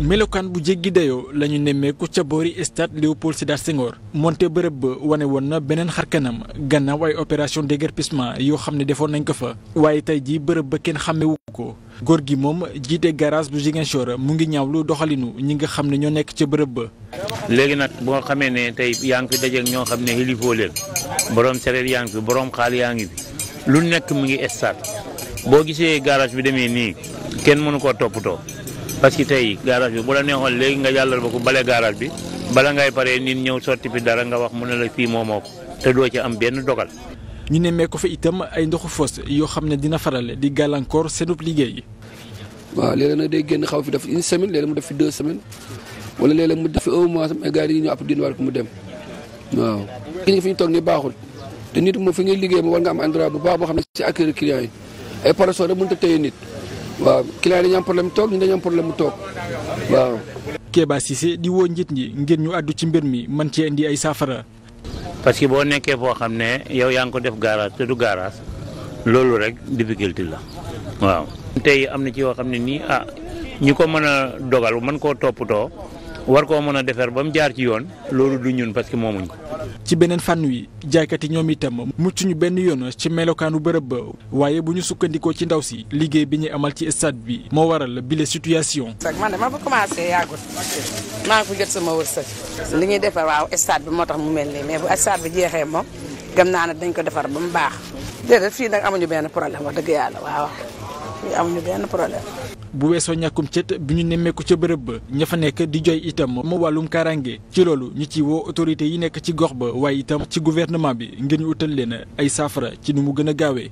melokaan bu jéggi dayoo la ñu nemmeeku ca boori stade Léopold Sédar Senghor moonte bërëb ba wane woon na beneen xarkanam gannaaw ay opération déguerpissement yoo xam ne defoon nañ ko fa waaye tey ji bërëb ba kenn xàmmewu ko góor gi moom jiite garage bu Ziguinchor mu ngi lu doxalinu ñi nga xam ne ñoo nekk ca bërëb ba. léegi nag boo xamee ne tey yaa ngi fi ñoo xam ne xilifoo leen borom sereer yaa ngi fi borom xaal yaa ngi lu nekk mu ngi stade boo gisee garage bi demee nii kenn mënu koo toppatoo. parce que tey garage bi bu la neexoon léegi nga jàllal ba ko bale garage bi bala ngay paree nit ñëw sotti fi dara nga wax mu ne la fii moomoo ko te doo ci am benn dogal. ñu ne mee ko fa itam ay ndoxu fos yoo xam ne dina faral di gàllankoor seenub liggéey. waaw léeg-léeg nag day génn xaw fi def une semaine léeg mu def fi deux semaines wala léeg-léeg mu def fi un mois ay gars yi ñu àpp génn waat mu dem waaw. gis nga fi ñu toog nii baaxul te nit moom fi ngay liggéey moom war bu baax boo xam ne ci accueil client yi ay parasol rek waaw client dañu am problème mu toog ñun dañu am problème mu toog waaw. Kéba Cissé di woo njiit ñi ngir ñu àddu ci mbir mi man cee indi ay saafara. parce que boo nekkee foo xam ne yow yaa ngi ko def garage te du garage loolu rek difficulté la waaw. tey am na ci yoo xam ne nii ah ñu ko mën a dogal mën koo toppatoo. war koo mën a defar ba mu jaar ci yoon loolu du ñun parce que moomuñ ko. ci beneen fànn wi jaaykat yi ñoom itam mucc ñu benn yoon ci melokaanu bërëb ba waaye bu ñu sukkandikoo ci ndaw si liggéey bi ñuy amal ci stade bi moo waral bile situation. man de ma fa commencé yàggut maa ngi ko jot sama wërsëg li ñuy defar waaw stade bi moo tax mu mel nii mais bu stade bi jeexee moom gëm naa ne dañ ko defar ba mu baax déedéet fii nag amuñu benn problème wax dëgg yàlla waaw. amuñu benn problème. bu weesoo ñàkkum cët bi ñu nemmeeku ca bërëb ba ña fa nekk di joy itam ma wàllum kaaraange ci loolu ñu ci woo autorités yi nekk ci gox ba waaye itam ci gouvernement bi ngir ñu utal leen ay saafara ci nu mu gën a gaawee.